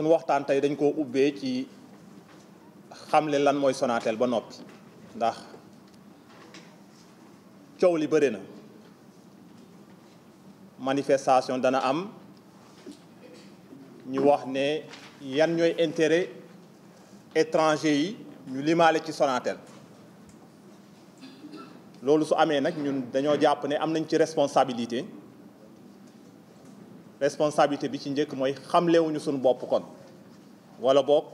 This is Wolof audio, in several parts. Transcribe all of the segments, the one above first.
sunu waxtaan tey dañ koo ubbee ci xamle lan mooy Sonatel ba noppi ndax coow li bëri na manifestation dana am ñu wax ne yan ñooy intérêt étranger yi ñu limaale ci Sonatel loolu su amee nag ñun dañoo jàpp ne am nañ ci responsabilité responsabilité bi ci njëkk mooy xamlewuñu suñu bopp kon wala boog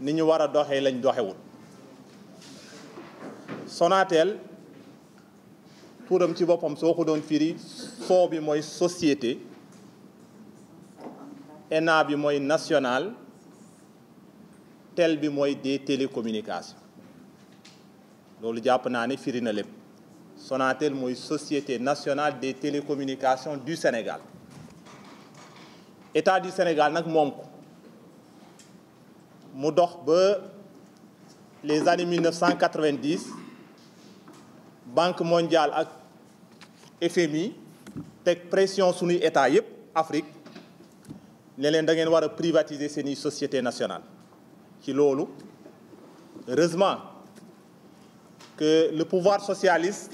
ni ñu war a doxee lañ doxewul Sonatel turam ci boppam soo ko doon firi soo bi mooy société ENA bi mooy national tel bi mooy des télécommunications loolu jàpp naa ne firi na lépp Sonatel mooy société nationale des télécommunications du Sénégal état du Sénégal nag moom ko mu dox ba les années 1990 banque mondiale ak FMI teg pression suñuy état yépp Afrique ne leen da ngeen war a privatiser seeni société nationale ci loolu heureusement que le pouvoir socialiste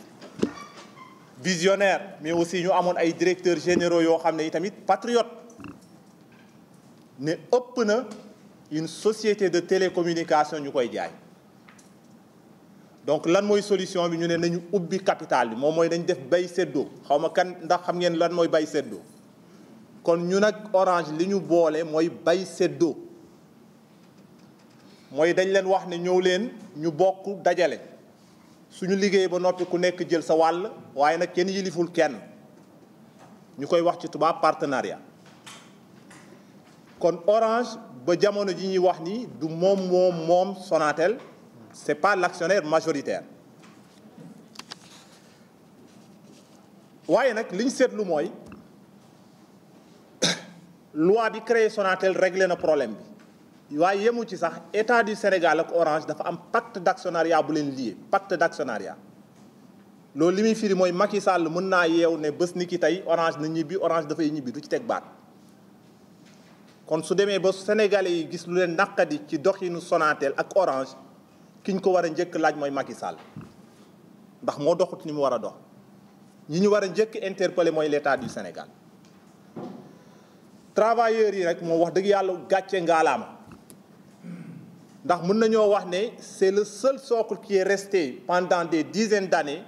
visionnaire mais aussi ñu amoon ay directeurs généraux yoo xam ne i tamit patriote ne ëpp na une société de télécommunication ñu koy jaay donc lan mooy solution bi ñu ne nañu ubbi capital bi moom mooy dañ def bay seddoo xawma kan ndax xam ngeen lan mooy bay seddoo kon ñu nag Orange li ñu boole mooy bay seddoo mooy dañ leen wax ne ñëw leen ñu bokk dajale suñu liggéey ba noppi ku nekk jël sa wàll waaye nag kenn yiliful kenn ñu koy wax ci tubaab partenariat kon Orange ba jamono ji ñuy wax ni du moom moom moom Sonatel c'est pas l'actionnaire majoritaire waaye nag li ñu seetlu mooy loi di créé Sonatel réglé na problème bi waaye yemu ci sax état du Sénégal ak Orange dafa am pacte d'actionnariat bu leen lié pacte d'actionnariat loolu li muy firi mooy Macky Sall mën naa yeew ne bés ni ki tey Orange na ñibbi Orange dafay ñibbi du ci teg baat kon su demee ba Sénégalais yi gis lu leen naqadi ci doxinu sonaateel ak Orange ki ñu ko war a njëkk laaj mooy Macky Sall ndax moo doxut ni mu war a dox ñi ñu war a njëkk interpellé mooy l'état du Sénégal travailleurs yi rek moo wax dëgg yàlla gàcce ngaalaama ndax mën nañoo wax ne c'est le seul socle ki est resté pendant des dizaines d'années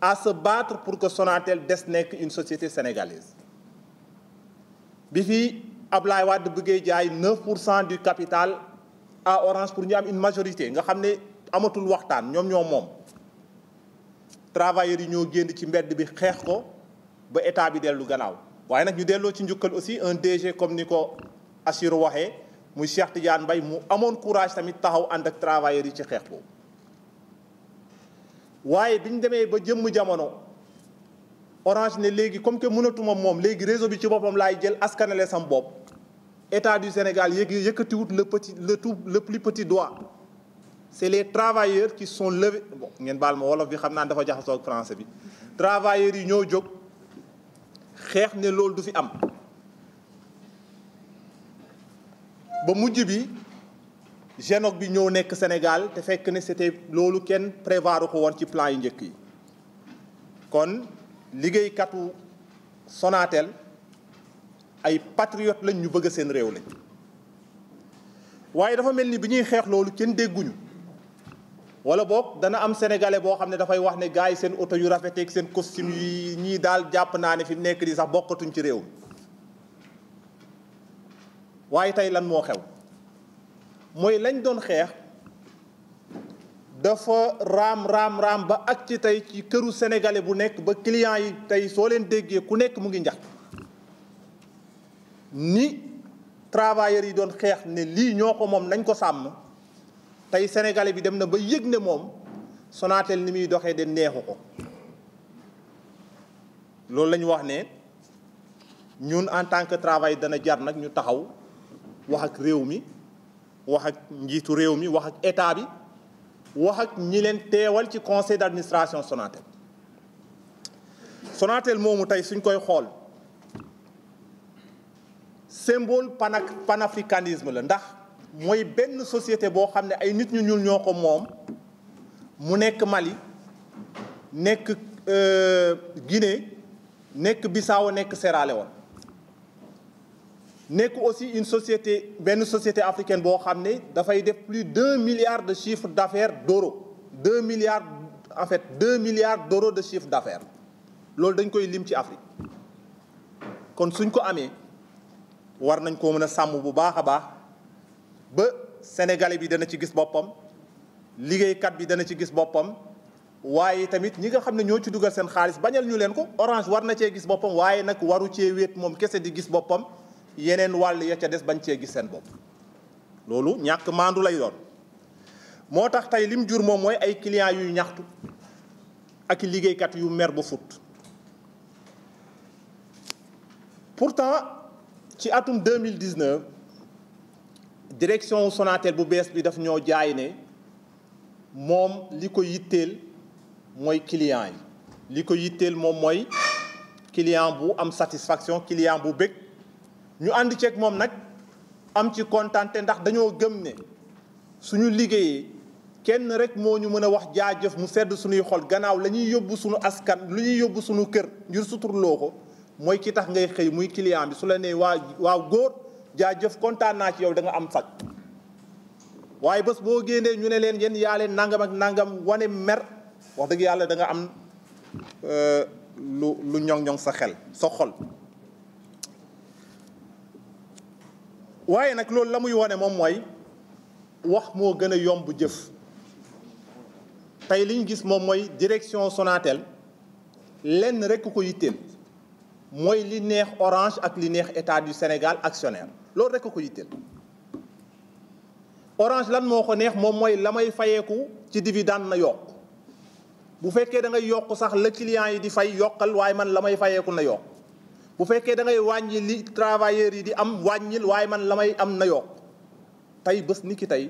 à se battre pour que Sonatel des nekk une société sénégalaise bi fii Ablaye Wade bëggee jaay 9 pour cent du capital à Orange pour ñu am une majorité nga xam ne amatul waxtaan ñoom ñoo moom travailleurs yi ñoo génn ci mbedd bi xeex ko ba état bi dellu gannaaw waaye nag ñu delloo ci njukkal aussi un DG comme ni ko Assirou waxee muy Cheikh Tidiane mbay mu amoon courage tamit taxaw ànd ak travailleurs yi ci xeex ko waaye bi ñu demee ba jëmm jamono Orange ne léegi comme que mënatuma moom léegi réseau bi ci boppam laay jël askanale sam bopp État du Sénégal yëg yëkkatiwut le petit le tout le plus petit doigt c'est les travailleurs ci sont levés ngeen baal ma wolof bi xam naa dafa jaxasoo ak français bi travailleurs yi ñoo jóg xeex ne loolu du fi am ba mujj bi GNOC bi ñëw nekk Sénégal te fekk ne c'était loolu kenn prévoir ko woon ci plan yu njëkk yi kon liggéeykatu Sonatel ay patriotes lañ ñu bëgg seen réew lañ waaye dafa mel ni bi ñuy xeex loolu kenn dégguñu wala boog dana am sénégalais boo xam ne dafay wax ne gars yi seen oto yu rafeteeg seen costume yi ñii daal jàpp naa ne fi mu nekk di sax bokkatuñ ci réew mi waaye tey lan moo xew mooy lañ doon xeex dafa raam raam raam ba ak ci tey ci këru sénégalais bu nekk ba client yi tey soo leen déggee ku nekk mu ngi njax ni travailleurs yi doon xeex ne lii ñoo ko moom nañ ko sàmm tey sénégalais bi dem na ba yëg ne moom Sonatel ni muy doxee de neexu ko loolu la wax ne ñun en tant que travail dana jar nag ñu taxaw wax ak réew mi wax ak njiitu réew mi wax ak état bi wax ak ñi leen teewal ci conseil d'administration Sonatel Sonatel moomu tey suñ koy xool symbole pan panafricanisme la ndax mooy benn société boo xam ne ay nit ñu ñuul ñoo ko moom mu nekk Mali nekk euh, Guinée nekk Bissau nekk Sierra woon nekk aussi une société benn société africaine boo xam ne dafay def plus d'un milliard de chiffre d'affaires d'euros deux milliards en fait deux milliards d'euros de chiffre d'affaires loolu dañ koy lim ci Afrique kon suñ ko amee war nañ koo mën a sàmm bu baax a baax ba sénégalais bi dana ci gis boppam liggéeykat bi dana ci gis boppam waaye tamit ñi nga xam ne ñoo ci dugal seen xaalis bañal ñu leen ko orange war na cee gis boppam waaye nag waru cee wéet moom kese di gis boppam yeneen wàll ya ca des bañ cee gis seen bopp loolu ñàkk maandu lay doon moo tax tey lim jur moom mooy ay clients yuy ñaxtu ak liggéeykat yu mer bu fut pourtant ci atum mille 2019 direction Sonatel bu bees bi daf ñoo jaay ne moom li ko yitteel mooy client yi li ko yitteel moom mooy client bu am satisfaction client bu bëgg ñu ànd ceeg moom nag am ci kontante ndax dañoo gëm ne suñu liggéeyee kenn rek moo ñu mën a wax jaajëf mu sedd suñuy xol gannaaw la ñuy yóbbu suñu askan lu ñuy yóbbu suñu kër ngir suturloo ko mooy ki tax ngay xëy muy client bi su la nee waa waaw góor jaajëf kontaan naa ci yow danga am faj waaye bés boo génnee ñu ne leen yéen yaa leen nangam ak nangam wane mer wax dëgg yàlla danga nga am euh, lu lu ñoŋ-ñoŋ sa xel sa xol. waaye nag loolu la muy wane moom mooy wax moo gën a yomb jëf tey li ñu gis moom mooy direction Sonatel lenn rek ku ko yitteel. mooy li neex Orange ak li neex état du Sénégal actionnaire loolu rekk ko yitteel Orange lan moo ko neex moom mooy la may fayeeku ci dividende na yokk bu fekkee da ngay yokk sax la client yi di fay yokkal waaye man la may fayeeku na yokk bu fekkee da ngay wàññi li travailleurs yi di am wàññil waaye man la may am na yokk tey bés nit ki tey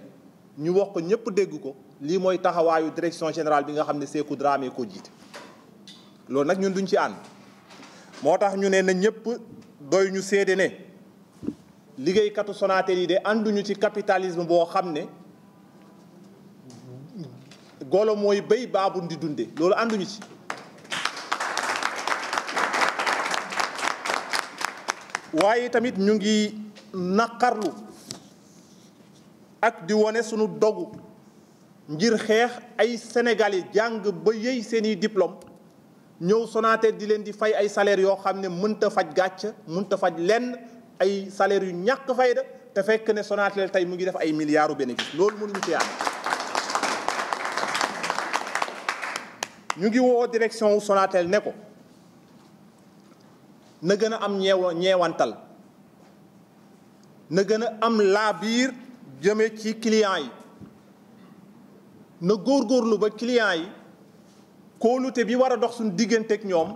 ñu wax ko ñëpp dégg ko lii mooy taxawaayu direction général bi nga xam ne Sékou Dramé ko jiite loolu nag ñun duñ ci ànd moo tax ñu ne na ñëpp doy ñu seede ne liggéeykatu Sonatel yi de ànduñu ci capitalisme boo xam ne golo mooy béy baabu di dunde loolu ànduñu ci waaye tamit ñu ngi naqarlu ak di wane sunu dogu ngir xeex ay sénégalais jàng ba yëy seeni diplôme ñëw Sonatel di leen di fay ay salaires yoo xam ne mënta faj gàcc mënta faj lenn ay salaires yu ñàkk fayda te fekk ne Sonatel tey mu ngi def ay milliards u bénéfice loolu mënuñu ci am ñu ngi woo direction wu Sonatel ne ko na gën a am ñeew ñeewantal na gën a am laa biir jëme ci client yi na góor góorgóorlu ba client yi kóolute bi war a dox diggante digganteeg ñoom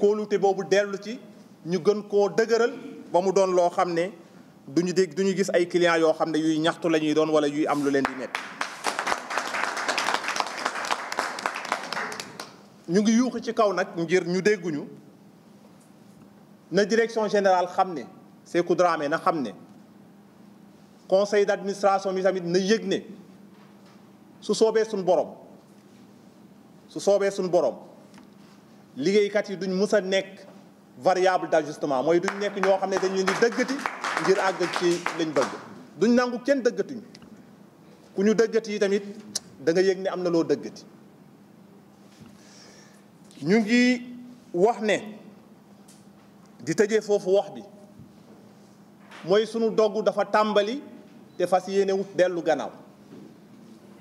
kóolute boobu dellu ci ñu gën koo dëgëral ba mu doon loo xam ne du ñu dégg duñu gis ay client yoo xam ne yuy ñaxtu lañuy doon wala yuy am lu leen di métti. ñu ngi yuuxu ci kaw nag ngir ñu dégguñu na direction générale xam ne Sékou Dramé na xam ne conseil d'administration bi tamit na yëg ne su soobee suñu boroom su soobee suñu borom liggéeykat yi duñ mus a nekk variable d'ajustement mooy duñ nekk ñoo xam ne dañ leen di dëggati ngir àgg ci lañ bëgg duñ nangu kenn dëggatuñ ku ñu dëggati yi tamit da nga yëg ne am na loo dëggati ñu ngi wax ne di tëjee foofu wax bi mooy sunu dogg dafa tàmbali te fas yéene wut dellu gannaaw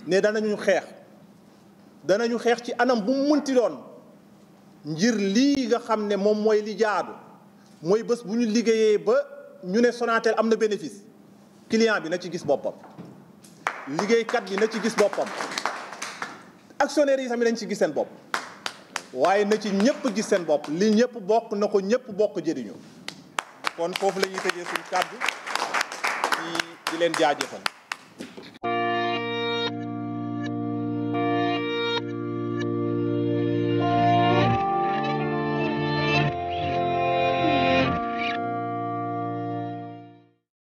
ne ñu xeex danañu xeex ci anam bu mu munti doon ngir lii nga xam ne moom mooy li jaadu mooy bés bu ñu liggéeyee ba ñu ne Sonatel am na bénéfice client bi na ci gis boppam liggéeykat bi na ci gis boppam actionnaire yi tamit dañ ci gis seen bopp waaye na ci ñëpp gis seen bopp li ñëpp bokk na ko ñëpp bokk jëriñu kon foofu lañuy ñuy tëjee suñu kàddu di leen jaajëfal